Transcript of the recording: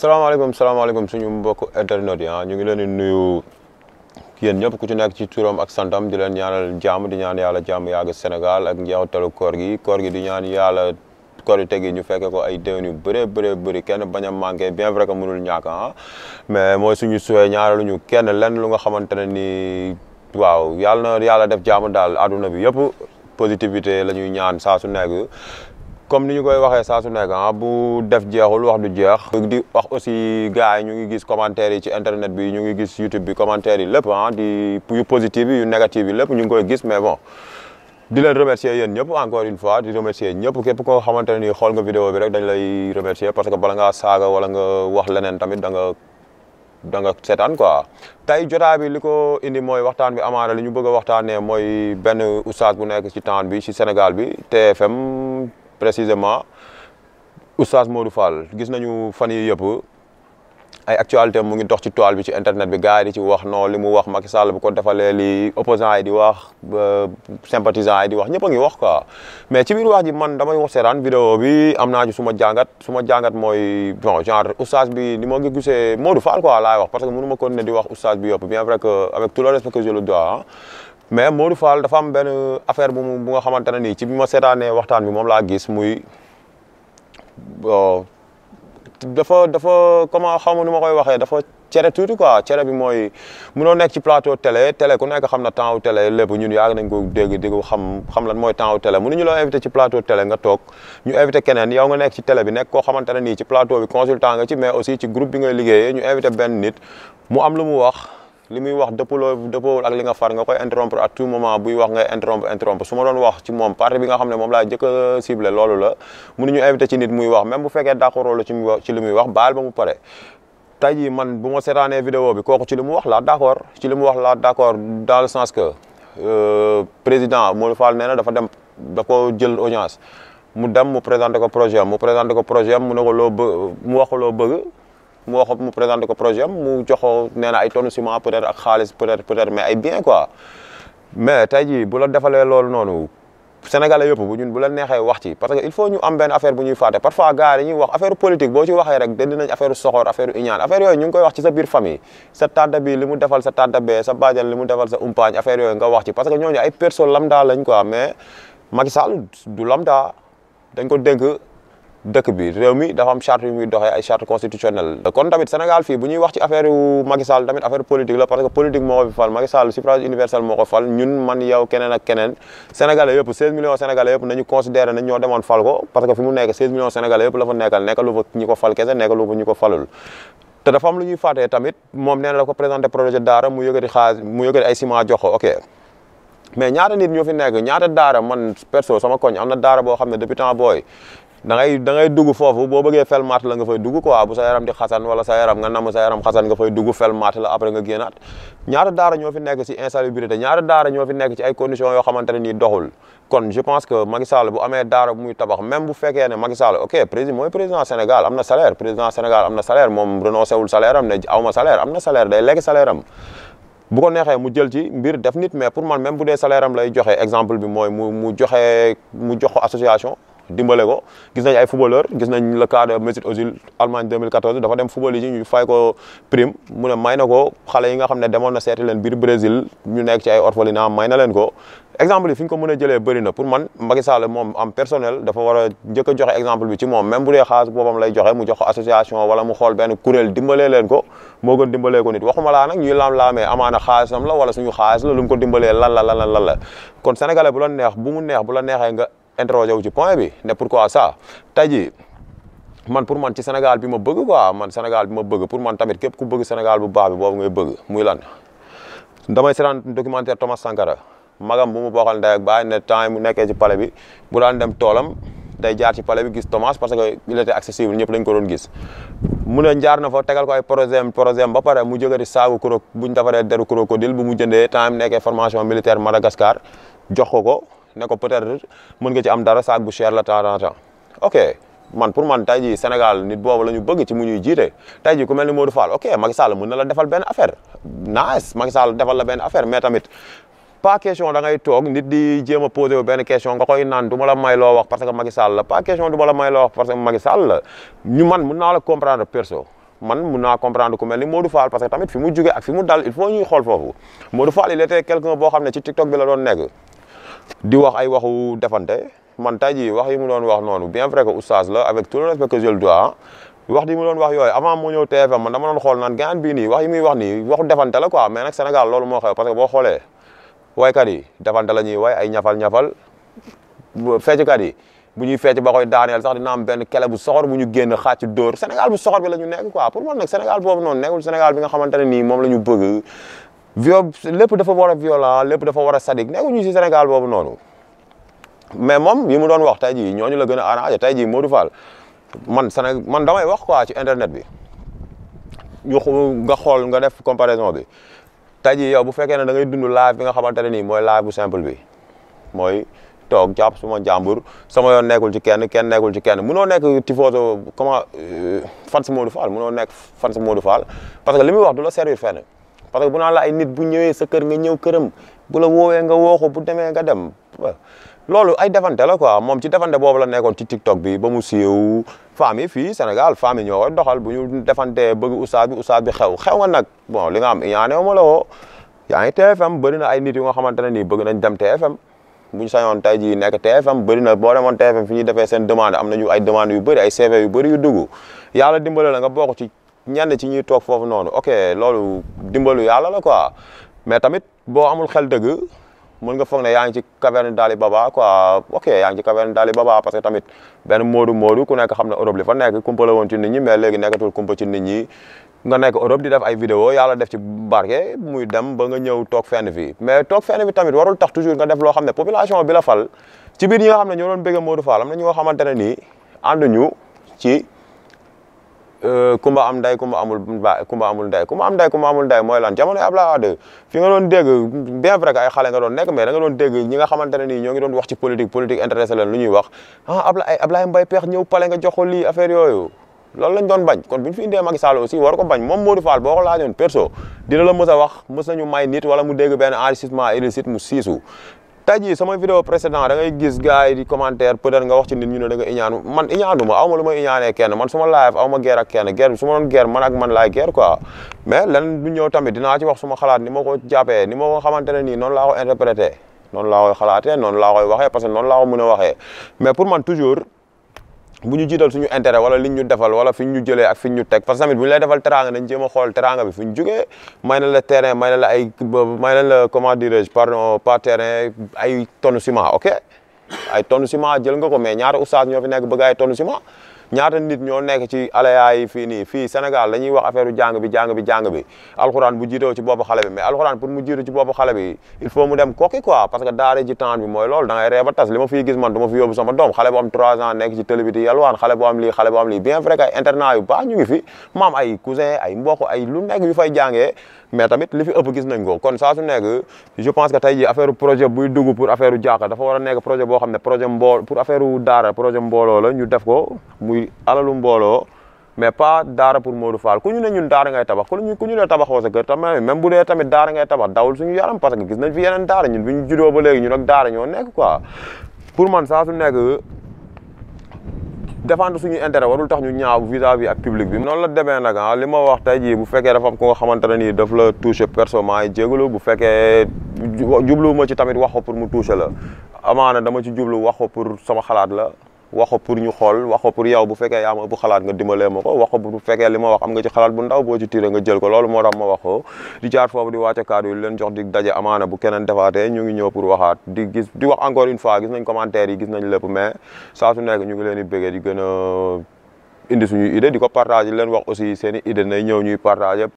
salaamaaleykum salaamaaleykum suñu mbokku internet yi ah ñu ngi leen di nuyu yéen ñëpp ku ci nekk ci turam ak santam di leen ñaanal jàmm di ñaan yàlla jàmm yàgg Sénégal ak njeexitalu koor gi koor gi di ñaan yàlla korite gi ñu fekke ko ay déwén yu bëree bëree bëri kenn bañ a manqué bien vrai que mënul ñàkk ah mais mooy suñu suwee ñaanalu ñu kenn lenn lu nga xamante ne ni waaw yàlla na yàlla def jàmm daal adduna bi yëpp positivité la ñuy ñaan saa su nekk comme ni ñu koy waxee saa su nekk ah bu def jeexul wax du jeex. di wax aussi gars ñu ngi gis commentaires yi ci internet bi ñu ngi gis YouTube bi commentaires yi lépp ah di yu positif yi yu négatif lépp ñu ngi koy gis mais bo di leen remercier yen ñëpp encore une fois di remercier ñëpp képp koo xamante ne nii xool nga vidéo bi rek dañ lay remercier parce que bala ngaa saaga wala nga wax leneen tamit da nga da nga seetaan tey jotaa bi li ko indi mooy waxtaan bi amaana li ñu bëgg waxtaanee mooy benn oustaz bu nekk ci temps bi ci Sénégal bi TFM. précisément oustaz Modou Fall gis nañu fan yi yëpp ay actualité mu ngi dox ci toile bi ci internet bi gars yi ci wax non li mu wax Macky Sall bu ko defalee li opposants yi di wax sympathisants yi di wax ñëpp ngi wax quoi mais ci biir wax ji man damay wax seeraan vidéo bi am naa suma jàngat suma jàngat mooy bon genre oustaz bi ni ma ngi gisee Modou Fall quoi laay wax parce que mënu ma continuer di wax oustaz bi yëpp bien vrai que avec tout le respect que mais Modou Fall dafa am benn affaire bu mu bu nga xamante ne nii ci bi ma seetaanee waxtaan bi moom laa gis muy dafa dafa comment xaw ma nu ma koy waxee dafa cere tuuti quoi cere bi mooy munoo nekk ci plateau télé télé ku nekk xam na temps wu télé lépp ñun yaag nañ ko dégg di ko xam xam lan mooy temps wu télé mënuñu la invité ci plateau télé nga toog ñu invité keneen yow nga nekk ci télé bi nekk ko xamante ne nii ci plateau bi consultant nga ci mais aussi ci groupe bi ngay liggéeyee ñu benn nit mu am lu mu wax. li muy wax dëppaloo dëppoo ak li nga far nga koy interrompre à tout moment buy wax ngay interrompre interrompre su ma doon wax ci moom parti bi nga xam ne moom laa jëkk a ciblé loolu la mënuñu invité ci nit muy wax même bu fekkee d'accord la ci ci li muy wax baal ba mu pare tey jii man bu ma seetaanee vidéo bi kooku ci li mu wax laa d'accord ci li mu wax la d'accord dans le sens que euh, président Modou Fall nee na dafa dem da ko jël audience mu dem mu présenté ko projet am mu présenté ko projet mu ne ko loo bëgg mu wax bëgg mu wax mu présenté ko projet am mu joxo nee na ay tonnes ciment peut être ak xaalis peut être mais bien quoi mais tey jii bu defalee loolu noonu sénégalais yëpp bu ñun bu neexee wax ci parce que il faut ñu am benn affaire bu ñuy fàtte parfois gars yi wax affaire politique boo ci waxee rek dégg affaire soxor affaire iñaan affaire yooyu ñu ngi koy sa biir famille sa tàdda bi li mu defal sa tàdda bee sa baajan li defal sa umpaañ affaire yooyu dëkk bi réew mi dafa am charte yu muy doxee ay charte constitutionnelle kon tamit Sénégal fii bu ñuy wax ci affaire yu tamit affaire politique la parce que politique moo fi fal Macky Sall suffrage universel moo ko fal ñun man yow keneen ak keneen Sénégalais yëpp 16 millions Sénégalais yëpp nañu considéré nañ ñoo demoon fal ko parce que fi mu nekk 16 millions Sénégalais yëpp la fa nekkal nekkalu fa ñi ko fal kese nekkalu fa ñi ko falul te dafa am ñuy fàttee tamit moom nee na la ko présenté projet daara mu nit ñoo fi nekk ñaata daara perso sama koñ am na daara boo xam ne depuis temps da ngay da ngay dugg foofu boo bëggee fel maat la nga fay dugg quoi bu sa yaram di xasan wala sa yaram nga namm sa yaram xasan nga fay dugg fel maat la après nga génnaat ñaata daara ñoo fi nekk ci insalubrité ñaata daara ñoo fi nekk ci ay conditions yoo xamante ne nii doxul kon je pense que Macky Sall bu amee daara bu muy tabax même bu fekkee ne Macky Sall ok président mooy président Sénégal am na salaire président Sénégal am na salaire moom renoncé wul salaire am ne aw ma salaire na salaire day lekk salaire am bu ko neexee mu jël ci mbir def nit mais pour man même bu dee salaire am joxe exemple bi mooy mu mu joxe mu jox association dimbale ko gis nañ ay footballeur gis nañ Allemagne 2014 dem football yi ñu fay ko prime mu ne may na ko xale yi nga xam ne demoon na seeti leen biir Brésil ñu nekk ci ay orphelinat may leen ko exemple yi fi ñu ko mën a na pour man Macky Sall moom am personnel dafa war a njëkk a joxe exemple bi ci moom même bu dee xaalis boobam lay joxe mu jox ko association wala mu xool benn kuréel dimbalee leen ko moo ko dimbalee ko nit waxuma laa nag ñuy laam-laamee amaana xaalisam la wala suñu xaalis la ko dimbalee lan lan la lan la kon sénégalais bu la neex bu mu neex bu la neexee nga interrogé wu ci point bi ne pourquoi ça tey jii man pour man ci Sénégal bi ma bëgg quoi man Sénégal bi ma bëgg pour man tamit képp ku bëgg Sénégal bu baax boobu ngay bëgg muy lan damay seetaan documentaire Thomas Sankara magam bu mu bokkal ndey ak baay ne temps mu nekkee ci palais bi bu daan dem toolam day jaar ci palais bi gis Thomas parce que il était accessible ñëpp dañ ko doon gis mu ne jaar na tegal ko ay projet projet ba pare mu jógee di saagu kuro bu ñu defaree deru crocodile bu mu jëndee temps nekkee formation militaire Madagascar jox ko ko ne ko peut-être mën nga ci am dara saak bu cher la temps en temps ok man pour man tey jii Sénégal boobu la ñu bëgg ci mu ñuy jiite tey jii ku ni Modou Fall ok Macky Sall mën na la defal benn affaire nice Macky Sall defal la benn affaire mais tamit pas question da ngay toog nit di jéem a posé wu benn question nga koy naan du ma la may loo wax parce que Macky la pas question du la may loo wax parce que Macky ñu man mën naa la comprendre perso man mun naa comprendre ku mel ni Modou Fall parce que tamit fi mu jugee ak xam ne ci TikTok bi la doon nekk di wax ay waxu defante man tey jii wax yi mu doon wax noonu bien vrai que oustaz la avec tout le respect que je doon wax yooy avant moo ñëw TFM man dama doon xool naan gaan bii nii wax yi muy wax nii waxu defante la quoi mais nag Sénégal loolu moo xew parce que boo xoolee waykat yi defante la ñuy way ay ñafal-ñafal fecckat yi bu ñuy fecc ba koy daaneel sax dina am benn kele bu soxor bu ñu génn xàcc dóor Sénégal bu soxor bi la ñu nekk quoi pour man nag Sénégal boobu noonu nekkul Sénégal bi nga xamante ne nii moom la ñu bëgg viol lépp dafa war a violent lépp dafa war a sadique nekkuñu si Sénégal boobu noonu mais moom yi mu doon wax tey jii ñooñu la gën a arrangé tey jii Modou Fall man Sénégal man damay wax quoi ci internet bi ñu nga xool nga def comparaison bi tey jii yow bu fekkee ne da ngay dund live bi nga xamante ne nii mooy live bu simple bi mooy toog jàpp suma jàmbur sama yoon nekkul ci kenn kenn nekkul ci kenn munoo nekk tifoso comment euh, fan si Modou Fall munoo nekk fan si Modou parce que li muy wax du la servir fenn. parce que bu naan la ay nit bu ñëwee sa kër nga ñëw këram bu la woowee nga woo ko bu demee nga dem loolu ay defante la quoi moom ci defante boobu la nekkoon ci TikTok bi ba mu siiw femmes yi fii Sénégal femmes yi ñoo bu ñu defantee bëgg oustaz bi bi xew xew nga nag bon li nga am yaa ne ma la woo yaa ngi TFM bëri na ay nit yu nga xamante ne nii bëgg nañ dem TFM bu ñu sañoon tey jii nekk TFM bëri na boo demoon TFM fi ñuy defee seen demande am nañu ay demande yu bëri ay CV yu bëri yu dugg yàlla dimbale la nga bokk ci ñenn ci ñuy toog foofu noonu ok loolu dimbalu yàlla la quoi mais tamit boo amul xel dëgg mën nga foog ne yaa ngi ci caverne d'Alibaba quoi ok yaa ngi ci caverne d'Alibaba parce que tamit benn moodu moodu ku nekk xam ne Europe li fa nekk kumpa la woon ci nit ñi mais léegi nekkatul kumpa ci nit ñi nga nekk Europe di def ay vidéo yàlla def ci barke muy dem ba nga ñëw toog fenn fi mais toog fenn fi tamit warul tax toujours nga def loo xam ne population bi la fal ci biir ñi nga xam ne ñoo doon bëgg Modou ne nii ànduñu ci. Euh, kumba am nday kumba amul ba kumba am nday kumba amul nday mooy lan jamono Abdoulaye Wade fi nga doon dégg bien vrai que ay xale nga doon nekk mais nga doon dégg ñi nga xamante ne nii ñoo ngi doon wax ci politique politique intéressé leen lu ñuy wax ah Abdoulaye Abdoulaye Mbaye Pekh ñëw pale nga jox ko lii affaire yooyu loolu lañ doon bañ kon bu ñu fi indee Macky Sall aussi war ko bañ moom Modou Fall boo ko laajoon perso dina la mës a wax mës nañu may nit wala mu dégg benn enrichissement illicite mu siisu tey jii sama vidéo précédent da ngay gis gars yi di commentaire peut nga wax ci nit ñu ne iñaanu man iñaanu ma aw ma lu may iñaanee man su ma live aw ma guerre ak kenn guerre bi man ak man laay guerre quoi mais lan du ñëw tamit dinaa ci wax suma xalaat ni ma ko jàppee ni ma ko xamante ne nii noonu laa ko interprété noonu laa koy xalaatee noonu laa koy waxee parce que noonu laa ko mais pour man toujours bu ñu jiital suñu intérêt wala liñ ñu defal wala fi ñu jëlee ak fi ñu teg parce que tamit bu ñu lay defal teranga dañ jéem a xool teranga bi fu ñu jógee may na la terrain may na la ay may na la comment dirais-je pardon pas terrain ay tonne ciment ok ay tonne ciment jël nga ko mais ñaari oustaz ñoo fi nekk bëgg ay tonne ciment ñaata nit ñoo nekk ci alaya yi fii nii fii Sénégal dañuy wax affaire jàng bi jàng bi jàng bi alxuraan bu jiitoo ci boppu xale bi mais alxuraan pour mu jiitu ci boppu xale bi il faut mu dem kokki quoi parce que daara ji temps bi mooy loolu da ngay tas li ma fiy gis ma fi yóbbu sama doom xale bu ans nekk ci télé bi di yalwaan xale bu am lii xale bien vrai ay internat yu baax ñu fi maam ay cousin ay mbokk ay lu nekk yu fay jàngee mais tamit li fi ëpp gis nañ ko kon saa su nekk je pense que projet buy dugg pour a nekk projet boo ne projet mbool pour affaire u daara projet ko muy alalu mbooloo mais pas daara pour Modou Fall ku ñu ne ñun daara ngay tabax ku ñu ku ñu ne tabaxoo sa kër tamit même bu dee tamit daara ngay tabax dawul suñu yaram parce que gis nañ fi yeneen daara ñun bu ñu juddoo ba léegi ñun ak daara ñoo nekk quoi pour man saa su nekk défendre suñu intere warul tax ñu ñaaw vis-à-vis ak public bi noonu la demee nag a ah, li ma wax tey jii bu fekkee dafa am ko nga xamante ne nii daf la touché perso maa ngi bu fekkee jubluwuma ci tamit wax ko pour mu touché la amaana jublu wax ko pour sama xalaat la wax ko pour ñu xool wax ko pour yow bu fekkee yaa ma ëpp xalaat nga dimbalee ma ko wax ko bu fekkee li ma wax am nga ci xalaat bu ndaw boo ci tiré nga jël ko loolu moo tax ma wax ko di jaar foofu di wàcce kaddu yi leen jox di daje amaana bu keneen defaatee ñu ngi ñëw pour waxaat di gis di wax encore une fois gis nañ commentaire gis nañ lépp mais saa su nekk ñu ngi leen di bëggee di gën a indi suñuy idée di ko partager leen wax aussi seen i idée nay ñëw ñuy partager